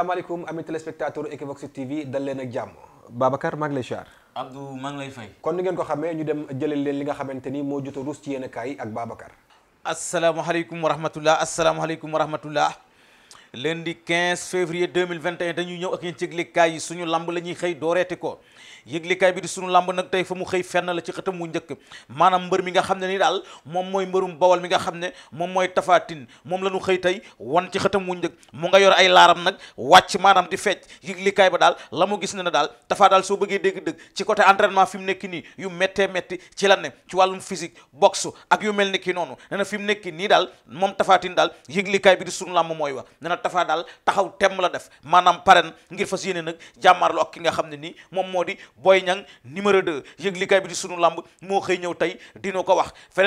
salaamaaleykum amis téléspectateurs Equivox TV dal leen ak jàmm Babacar maa ngi lay siyaar Abdou maa ngi lay fay kon ni ngeen ko xamee ñu dem jëlal leen li nga xamante ni moo jot a ruus ci yenn kaay yi ak Babacar asalaamaaleykum wa rahmatullah asalaamaaleykum wa rahmatullah lundi 15 février 2021 dañuy ñëw ak yéen ci yi suñu lamb la ñuy xëy dooreeti ko yëglikaay bi di suñu làmb nag tey fa mu xëy fenn la ci xëtam mu njëkk maanaam mbër mi nga xam ne nii daal moom mooy mbërum bawal mi nga xam ne moom mooy tafaatin moom la ñu xëy tey wan ci xëtam mu njëkk mu nga yor ay laaram nag wàcc maanaam di fecc yëglikaay ba daal la mu gis ne na daal tafaa daal soo bëggee dégg dëgg ci côté entraînement fi mu nekk nii yu méttee métti ci la ne ci wàllum physique boxe ak yu mel ni ki noonu na fi mu nekk nii daal moom tafaatin daal yëglikaay bi di suñu lamb mooy wax nag dafa daal taxaw temm la def maanaam paren ngir fas yéene nag jàmmaarlu ak ki nga xam ne nii moom moo di Boy Niang numéro 2 yëg bi di sunu lamb xëy tey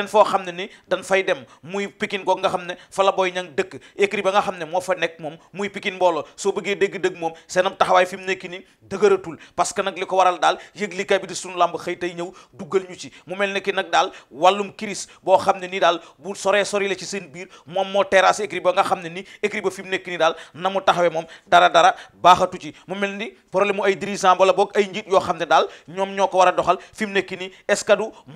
foo xam ne ni dañ fay dem muy Pikine goog nga xam la Boy Niang dëkk écrit ba nga moo fa nekk moom muy Pikine mbooloo soo bëggee dégg mu nekk ni ko waral daal yëg ñëw duggal ñu ci mu mel ne nag daal wàllum kiris boo xam ne nii daal bu soree sori la ci seen biir moom moo terrasse écrit ba nga xam ne ni écrit ba fi nekk nekk nii daal na mu taxawee moom dara dara baaxatu ci mu mel ni problème mu ay dirigeant wala boog ay njiit yoo xam ne daal ñoom ñoo ko war a doxal fi mu nekk nii est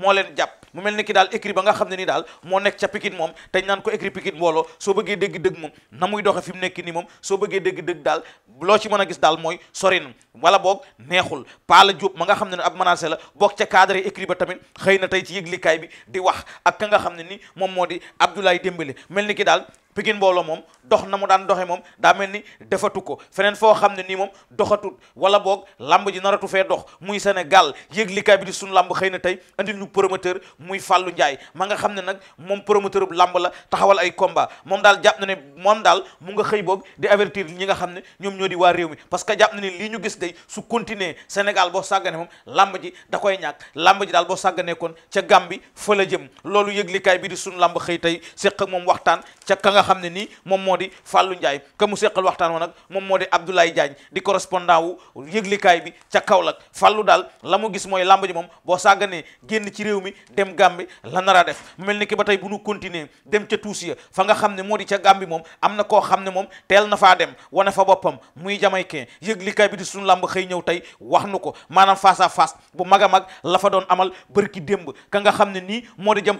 moo leen jàpp mu mel ni ki daal écrit ba nga xam ne nii daal moo nekk ca Pikine moom te ñu naan ko écrit Pikine mbooloo soo bëggee dégg dëgg moom a gis daal na wala ma nga xam ne la boog ca cadre écrit ba tamit xëy di wax ka nga xam ne ni moom moo di Abdoulaye Dembélé mel ni ki daal Pikine mbooloo moom dox na mu daan doxe moom daa mel ni defatu ko feneen foo xam ne nii moom doxatut wala boog lamb ji naratu fee dox muy Sénégal yëglikaay bi di sunu lamb xëy na tey andil ñu promoteur muy Fallou Ndiaye ma nga xam ne nag moom promoteur bu lamb la taxawal ay combat moom daal jàpp na ne moom daal mu nga xëy boog di avertir ñi nga xam ne ñoom ñoo di waa réew parce que jàpp na ne lii ñu gis day su continuer Sénégal boo sàggane moom ji da koy ñàkk lamb ji daal boo sàgganee kon ca Gàmbi fa la jëm loolu yëglikaay bi di sunu lamb xëy tey séq ak moom waxtaan ca ka nga xam ne nii moom moo di Fallou Ndiaye ka mu seqal waxtaan wa nag moom moo di Abdoulaye Diagne di correspondant wu yëglikaay bi ca Kaolack Fallou daal la mu gis mooy làmb ji moom boo sàgganee génn ci réew mi dem Gàmbi la nara def mel ni ki ba tey bu nu continuer dem ca tuusi ya fa nga xam ne moo di ca Gàmbi moom am na koo xam ne moom teel na faa dem wane fa boppam muy jamaïcain yëglikaay bi di sunu làmb xëy ñëw tey wax nu ko maanaam face à bu mag a mag la fa doon amal bërki démb ka nga xam ne nii moo di jam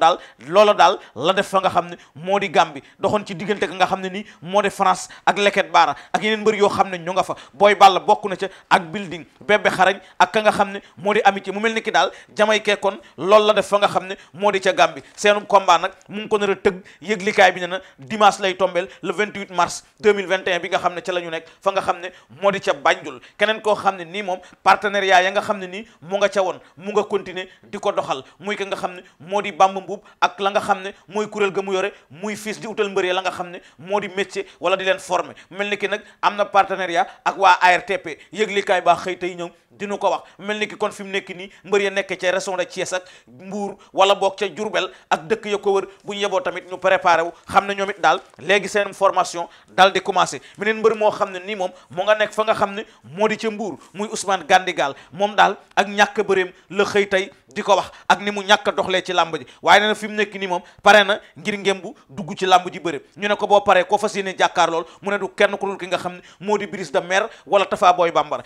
daal loola daal la def fa nga xam ne moo di Gàmbi doxoon ci diggante nga xam ne nii moo de France ak Leket Baara ak yeneen mbër yoo xam ne ñu nga fa booy balla bokk na ca ak building bébé xarañ ak ka nga xam ne moo di amitié mu mel ni ki daal jamaykee kon loolu la def nga xam ne moo di ca Gambie seenum combat mu ngi ko nar a tëgg bi ne na dimanche lay tombeel le 28 mars 2021 bi nga xam ne ca la ñu nekk fa nga xam ne moo di ca Banjul keneen koo xam ne nii moom partenariat ya nga xam ne nii mu nga ca woon mu nga continuer di ko doxal muy ka nga xam ne moo di bàmb mbub ak la nga xam ne mooy kuréel ga mu yore muy fils di wutal mbër ya la nga xam ne moo di métier wala di leen former mel ni ki nag am na partenariat ak waa ARTP yëglikaay baa xëy tey ñëw dinu ko wax mel ni ki kon fi mu nekk nii mbër ya nekkee ca région de Thiès ak Mbour wala boog ca Diourbel ak dëkk ya ko wër bu ñu tamit ñu préparé wu xam ne ñoom it daal léegi seen formation daal di commencé beneen mbër moo xam ne nii moom mu nga nekk fa nga xam ne moo di ca mbuur muy Ousmane Gandigal moom daal ak ñàkk bërëm la xëy tey di ko wax ak ni mu ñàkk a doxlee ci làmb ji waaye nee na fi mu nekk nii moom pare na ngir ngém bu dugg ci làmb ji bëre ñu ne ko boo paree koo fas yéene jàkkaar lool mu ne kenn ku dul ki nga ne moo di Brise de Mer wala Tafa Boy Bambara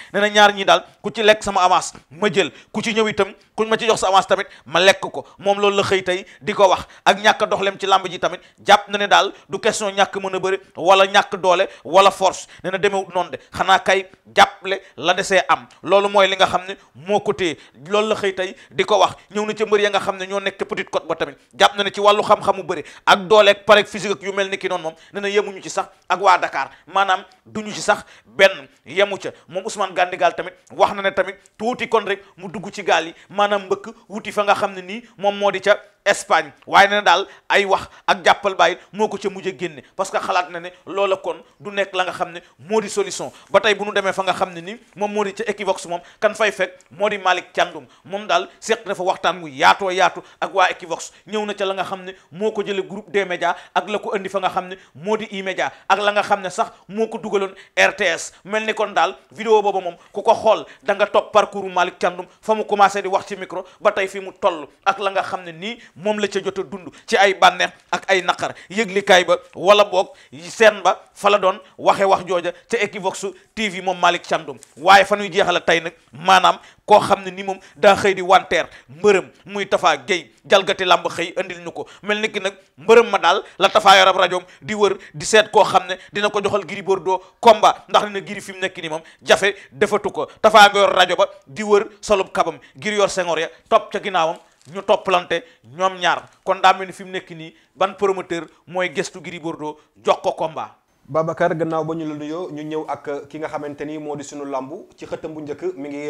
ci lekk sama avance ma jël ku ci ñëw itam kuñ ma ci jox sa avance tamit ma lekk ko moom loolu la xëy tey di ko wax ak ñàkk a doxlem ci làmb ji tamit jàpp na ne daal du question ñàkk mën a bëri wala ñàkk doole wala force ne na noonu de xanaa kay jàppale la desee am loolu mooy li nga xam ne moo ko téye loolu la xëy tey di ko wax ñëw na ca mbër ya nga xam ne ñoo nekk petite côte ba tamit jàpp na ne ci wàllu xam-xamu bëri ak dooleeg parek physique ak yu mel ni ki noonu moom ne na yemuñu ci sax ak waa dakaar maanaam duñu ci sax benn yemu ca moom Ousmane Gandigal tamit wax na na ne tamit tuuti kon rek mu dugg ci gaal yi maanaam mbëkk wuti fa nga xam ne nii moom moo di ca Espagne waaye na daal ay wax ak jàppal bàyyi moo ko ca mujj génne parce que xalaat na ne loola kon du nekk la nga xam ne moo di solution ba tey bu nu demee fa nga xam ne nii moom moo di ca Equivox moom kan fay fekk moo di Malick Thiandoum moom daal seq na fa waxtaan mu yaatoo yaatu ak waa Equivox ñëw na ca la nga xam ne moo ko jële groupe des médias ak la ko indi fa nga xam ne moo di E-Média ak la nga xam ne sax moo ko dugaloon RTS mel ni kon daal vidéo booba moom ku ko xool da nga topp parcours Malick Thiandoum fa mu commencé di wax ci micro ba tey fi mu toll ak la nga xam ne nii moom la ca jot a dund ci ay bànneex ak ay naqar yëglikaay ba wala boog seen ba fa la doon waxe wax jooja ca Equivox TV moom Malick Thiandoum waaye fa ñuy jeexal tey nag maanaam koo xam ne ni moom daa xëy di wanteer mbërëm muy Tafa Gueye jalgati làmb xëy andil ñu ko mel ni ki nag mbërëm ma daal la Tafa yorab rajoom di wër di seet koo xam ne dina ko joxal Gris Bordeaux combat ndax dina giri fi mu nekk ni moom jafe defatu ko Tafa nga yor rajo ba di wër solub kabam Gris yor sengoor topp ca ginnaawam ñu toppalante ñoom ñaar kon daa mel ni fi mu nekk nii ban promoteur mooy gëstu Gris Bordeaux jox ko combat. Babacar gannaaw ba ñu la nuyoo ñu ñëw ak ki nga xamante ni moo di sunu làmb ci xëttam bu njëkk mi ngi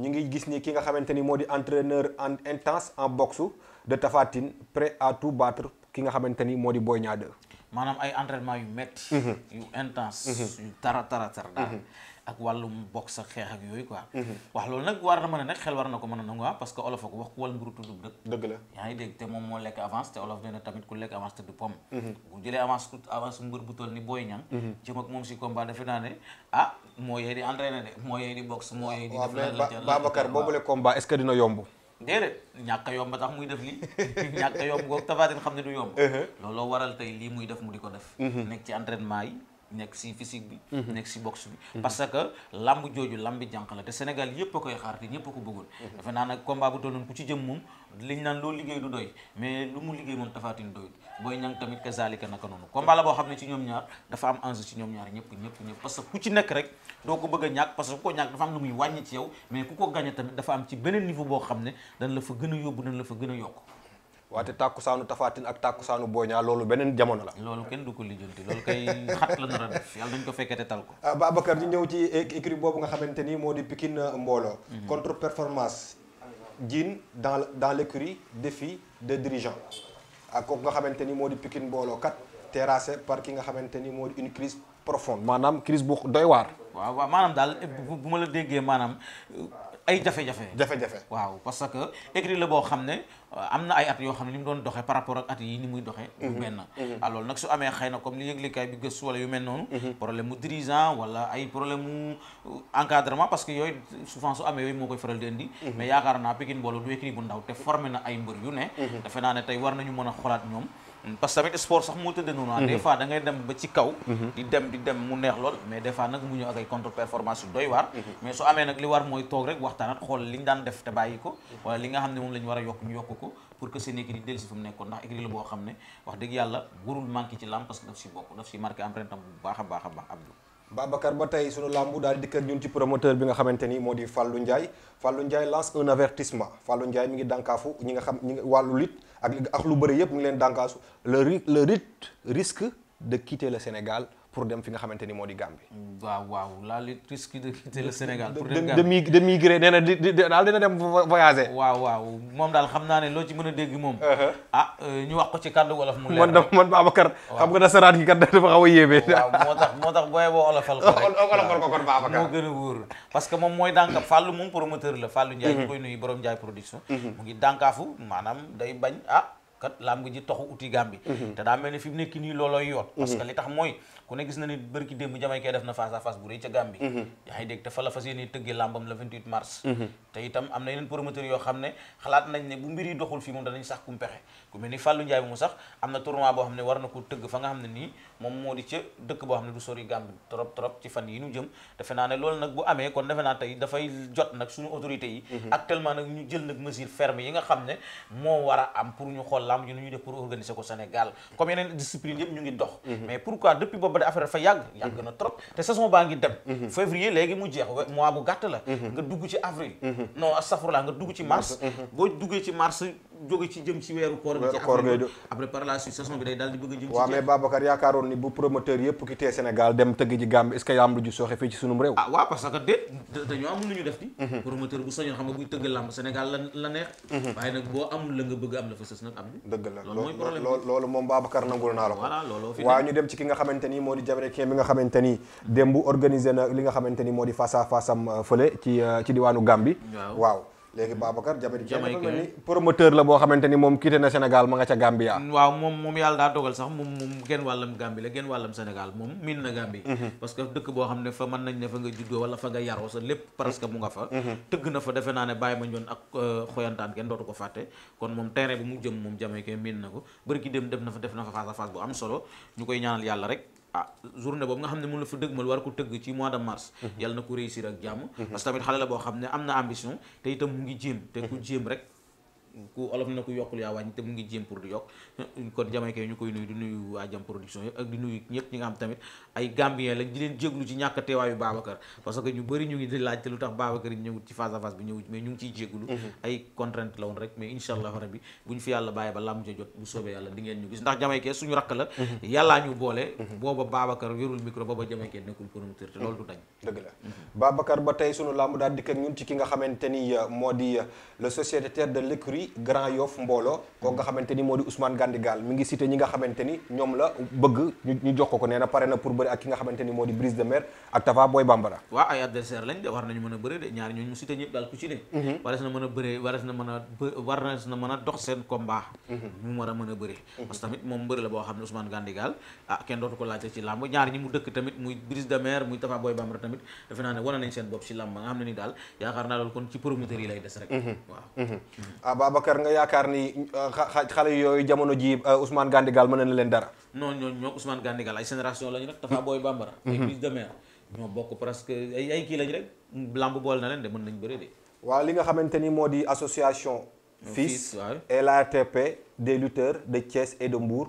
ñu ngi gis ni ki nga xamante ni moo di entraîneur en intense en boxu de Tafatine prêt à tout battre ki nga xamante ni moo di Boy Niang maanaam ay entraînement yu métti. Mhm. yu intense mhm. yu tara tara tara daal. Mhm. ak wàllu box ak xeex ak yooyu quoi. Mhm. wax loolu nag war na mën a nekk xel war na ko mën a nangu ah, parce que olof ak wax ku wal mburu tuddub dëkk. dëgg la yaa ngi dégg te moom moo lekk avance te olof dina tamit ku lekk avance te du pomme. Mhm. bu jëlee avance avance mbër bu ni Boy Niang. Mhm. jëm moom si combat defe naa ne ah moo yee di entraîné de moo yee di box moo yee di. def la la Babacar boobule combat est-ce que dina yomb. déedéet ñàkk a yomb tax a yomb uh-huh. looloo waral tey lii muy def mu di ko def. ci entraînement yi nekk si physique bi mhm. nekk si boxe bi parce que lamb jooju lambi jànq la te Sénégal yépp a koy xaar te ñépp a ko bëggoon mhm. naa nag combat bu tolloon ku ci jëm moom liñ naan loolu liggéey du doy mais boo xam ne ci ñoom ñaar dafa am enjeu ci ñoom ñaar ñëpp ñëpp ñëpp parce que ku ci nekk rek doo ko bëgg a ñàkk parce que ku ko ñàkk dafa am lu muy wàññi ci yow mais ku ko gagné tamit dafa am ci beneen niveau boo xam ne dañ la fa gën a yóbbu dañ la fa gën a yokk waate tàkkusaanu tafaatin ak tàkkusaanu booñaa loolu beneen jamono la loolu kenn du ko lijjanti loolu kay xat la nar a def yàlla dañ ko fekkete tal ko ah, Babacar ñu ñëw ci écrit boobu nga xamante ni moo di Pikine mbooloo mhm. de dirigeant ak kooku nga xamante ni moo di Pikine mbooloo kat terrassé par ki nga xamante ni moo di une crise profonde maanaam crise bu doy waar waaw waaw maanaam daal eh, bu ma la déggee maanaam ay jafe-jafe jafe-jafe waaw parce que écrit la boo xam ne Euh, am na ay at yoo xam ne ni mu doon doxee par rapport ak at yi ni muy doxee du mhm. benn mhm. alors ah, nag su amee xëy na comme li yëglikaay bi gëstu wala yu mel noonu mhm. problème mu dirigeant wala ay problème mu euh, encadrement parce que yooyu souvent su amee yooyu moo koy faral di indi mais yaakaar naa Pikine Mbooloo du équipe bu ndaw te formé na ay mbër yu ne defe naa ne tey war nañu mën a xoolaat ñoom parce tamit sport sax moo tëddee noonu. Ah, des fois da dem ba ci kaw. a yokk ko. ko pour que seen écurie dellu si fu mu nekkoon ndax écurie la boo xam ne wax dëgg yàlla warul manqué ci làmb parce que daf si bokk daf si marqué empreinte am bu baax a a Abdou Babacar ba tey sunu làmbu daal di dikkat ñun ci promoteur bi nga xamante ni moo di Fallou Ndiaye Fallou Ndiaye lance un avertissement Fallou Ndiaye mi ngi dànkaafu ñi nga xam ñi nga wàllu lit ak ak lu bëri yépp mi ngi leen dànkaasu le le risque risque de quitter le Sénégal pour dem fi nga xamante ni moo di Gambie. waaw waaw la li risque de quitter le Sénégal. pour dem Gambie de migrer nee na di di daal dina dem voyager. waaw waaw moom daal xam naa ne ci mën a dégg moom. Uh-huh. ah euh, ñu wax ci kàddu wolof mu leer. man man moo tax moo tax booy boo a wóor. parce que moom mooy dànka Fallou moom promoteur la Fallou Ndiaye mm-hmm. koy nuyu borom Ndiaye production. Mm-hmm. mu ngi dànkaafu maanaam day bañ ah, kat làmb ji taxu uti Gàmbi mhm. te daa mel ni fi mu nekk nii loolooy yoot mhm. parce li tax mooy ku ne gis na ni bërki démb jamaykee def na face à bu rëy ca Gàmbi mhm. yaa dégg te fa la fas yéene tëggee làmbam le 28 mars te itam am na yeneen promoteurs yoo xam ne xalaat nañ ne bu mbir doxul fii moom danañ sax kum pexe ku mel ni Fallou Ndiaye mu sax am na tournoi boo xam ne war na ko tëgg fa nga xam ne nii moom moo di ca dëkk boo xam ne du sori Gambie trop trop ci fan yi ñu jëm defe naa ne loolu nag bu amee kon defe naa tey dafay jot nag suñu autorités yi mhm. actuellement nag ñu jël nag mesure ferme yi nga xam ne moo war a am pour ñu xool lamb ji ñu def pour organiser ko Sénégal comme yeneen discipline yëpp ñu ngi dox mhm. mais pourquoi depuis boobu de affaire dafa yàgg yàgg mhm. na trop te saison baa ngi dem février léegi mu jeex mois bu gàtt la nga dugg ci avril non a jëm ci waaw ni bu promoteur yëpp ki tee Sénégal dem tëgg ji Gambie est-ce que lamb ju sooxe fii ci sunum réew ah waaw parce que déet dañoo am lu def ni promoteur bu sañoon xam nga buy tëgg la la neex mhm. waaye nag boo la naa la ko voilà ñu dem ci ki nga xamante moo di jamaïcain bi nga xamante ni démb organisé na li nga xamante moo di face à euh, fële euh, ci diwaanu Gambie waaw léegi Babacar Jamaïcain Jamaïcain promoteur la boo xamante ni moom quitté na Sénégal ma nga ca Gambia mm, waaw moom moom yàlla daa dogal sax moom moom genn wàllam Gambie la genn wàllam Sénégal moom miin na Gambie mm-hmm. parce dëkk boo xam ne fa mën nañ ne fa nga juddoo wala fa nga yaroo sa lépp presque mu nga fa mm-hmm. tëgg na fa defe naa ne bàyyi ma ñoon ak euh, xoyantaan kenn dootu ko fàtte kon moom terrain bu mu jëm moom Jamaïcain miin na ko bëri ki dem def na fa def na fa face bu am solo ñu koy ñaanal yàlla rek ah journée boobu nga xam ne mun la fa dëgmal war ko tëgg ci mois de mars mhm. yàlla na ko réussir ak jàmm mhm. parce que tamit xale la boo xam ne am na ambition te itam mu ngi jéem te ku mhm. jéem rek ku olof na ku yokkul yaa wàññi te mu ngi jéem pour yokk kon jamaykee ñu koy nuyu di nuyu waa jam production yëpp ak di nuyu ñëwut ci nga xamante ni moo di le sociétaire de l'écurie bi Grand Yoff mbooloo kooku nga xamante ni moo di Ousmane Gandigal mi ngi cité ñi nga xamante ñoom la bëgg ñu jox ko ko nee na pare na pour bëri ak ki nga xamante moo di Brise de Mer ak Tafa Boy Bambara waaw ay adversaire lañ de war nañu mën a bëre de ñaari ñooñu mu cité ñëpp daal ku ci ne war a mën a bëre mhm. parce tamit moom mbëri la boo xam ne Ousmane Gandigal ah kenn dootu ko laajte ci làmb ñaari ñi mu dëkk tamit muy Brise de Mer muy Tafa Boy Bambara Abacar nga yaakaar ni euh, xale yooyu jamono ji euh, Ousmane Gandigal mën na leen dara non ñoo ñoo Ousmane Gandigal ay génération lañu rek dafa hmm. booy bambara ay plus hmm. de mer bokk presque ay kii lañ rek lamb bool na leen de mën nañ bëre de waaw li nga xamante ni moo di association FILS et e des lutteurs de Thiès et de Mbour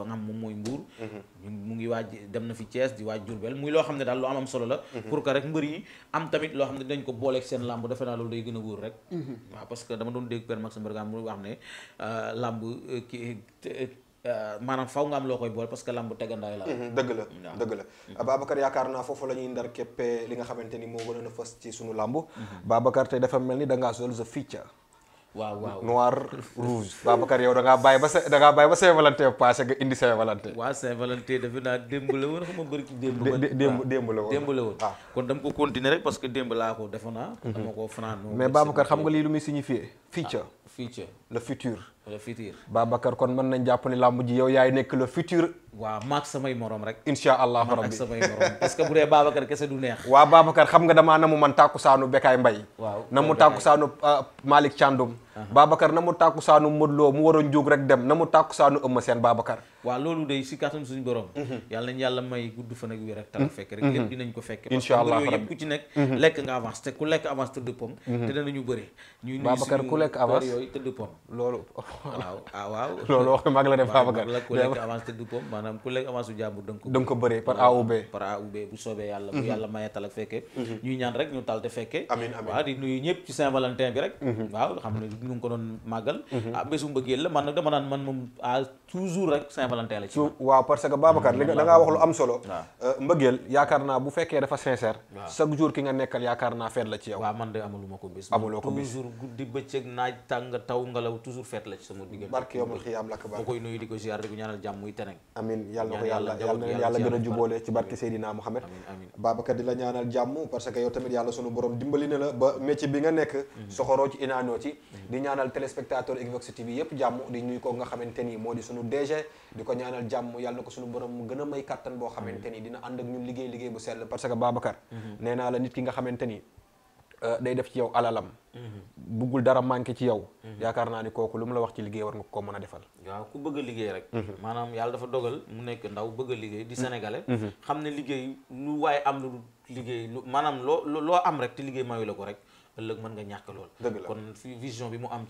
fa nga xam moom mooy mbuur mhm. mu ngi waaj dem na fi Thiès di waaj Diourbel muy loo xam ne daal lu am am solo la mhm. pour que rek mbër yi am tamit loo xam ne dañ ko booleeg seen làmb a wóor rek mhm. waaw euh, euh, euh, maanaam faw nga am loo koy bool parce que lamb la dëgg la dëgg la Babacar yaakaar naa foofu la ndar képpee li nga xamante ni moo gën a fës ci sunu làmb Babacar tey dafa mel ni dangaa sol sa feature waaw waaw noir rouge. Babacar yow da ngaa bàyyi ba sa da bàyyi ba Saint-Valentin passé nga indi Saint-Valentin. waaw Saint-Valentin defe naa démb la woon xam nga bëri la woon démb ah. parce que démb laa ko defe naa. Ah. Mhm. dama ko fanaan. mais Babacar xam nga lii lu muy signifié. future ah, future. le futur. le futur. Babacar kon mën nañ jàpp ne làmb ji yow yaay nekk le futur. waaw maak samay morom rek insha allahu rabbi maak samay morom parce que bu dee Babacar kese du neex waaw Babacar xam nga damaa na mu man tàkkusaanu Bekaay Mbay waaw na mu tàkkusaanu euh, Malick Thiandoum Uh-huh. Babacar na mu tàkku saanu Modou Lo mu a jóg rek dem na mu tàkku saanu Eumeu Sène Babacar waaw loolu day si kattan suñu borom uh-huh. yàlla nañ yàlla may gudd fan ak wér ak tal uh-huh. fekk rek lépp dinañ ko A A ak fekkee ñuy ñaan rek ñu tal te fekkee amiin amiin ñu ngi ko doon màggal mm-hmm. ah bésu mbëggeel la man nag dama naan man moom à ah, toujours rek Saint-Valentin la ci. waaw parce que Babacar li mm, wax lu am solo. Euh, mbëggeel yaakaar naa bu fekkee dafa sincère. chaque jour ki nga nekkal yaakaar naa feet la ci yow. waaw man de amalu ko bis. amuloo toujours guddi bëccëg naaj tàng taw ngelaw toujours feet la ci sama diggante. barke yow ma xiyaam lakk ba. ma koy ñaanal jàmm muy teneen. amiin yàlla ko yàlla yàlla sunu borom dimbali na la ba métier bi nga nekk. Mm-hmm. soxoroo ci inaanoo ci. Mm-hmm. di ñaanal suñu DG di ko ñaanal jàmm yàlla na ko suñu borom mu gën a may kàttan boo xamante ni dina ànd ak ñun liggéey liggéey bu sell parce que Babacar mhm. nee la nit ki nga xamante ni euh, day def ci yow alalam mhm. buggul dara manqué ci yow mhm. yaakaar naa ni kooku lu mu la wax ci liggéey war nga ko mën a defal waaw ku bëgg a liggéey rek maanaam yàlla dafa dogal mu nekk ndaw bëgg a liggéey di sénégalais xam ne liggéey lu waaye am lu liggéey maanaam loo loo am rek te liggéey mayu la ko rek ëllëg mën nga ñàkk lool kon bi mu am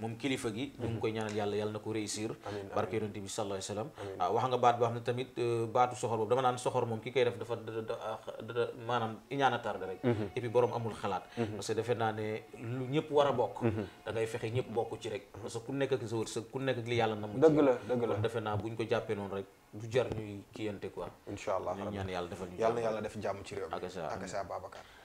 moom kilifa gi mhm. ñu ngi koy ñaanal yàlla yàlla na ko réussir barke yonent bi sallallahu alayhi wa sallam ah, wax nga baat boo xam ne tamit euh, baatu soxor boobu dama naan soxor moom ki koy def dafa daa ah, maanaam iñaan a rek mhm. et puis borom amul xalaat mhm. parce defe naa ne lu ñëpp war a bokk da ngay fexe ñëpp bokk ci rek parce que ku nekk ak sa wërsëg ku nekk ak li yàlla na mu dëgg la dëgg la kon defe naa bu ñu ko jàppee noonu rek du jar ñuy kiyante quoi incha allah ñaan yàlla defal ñu yàlla na yàlla ci réew mi ak sa Babacar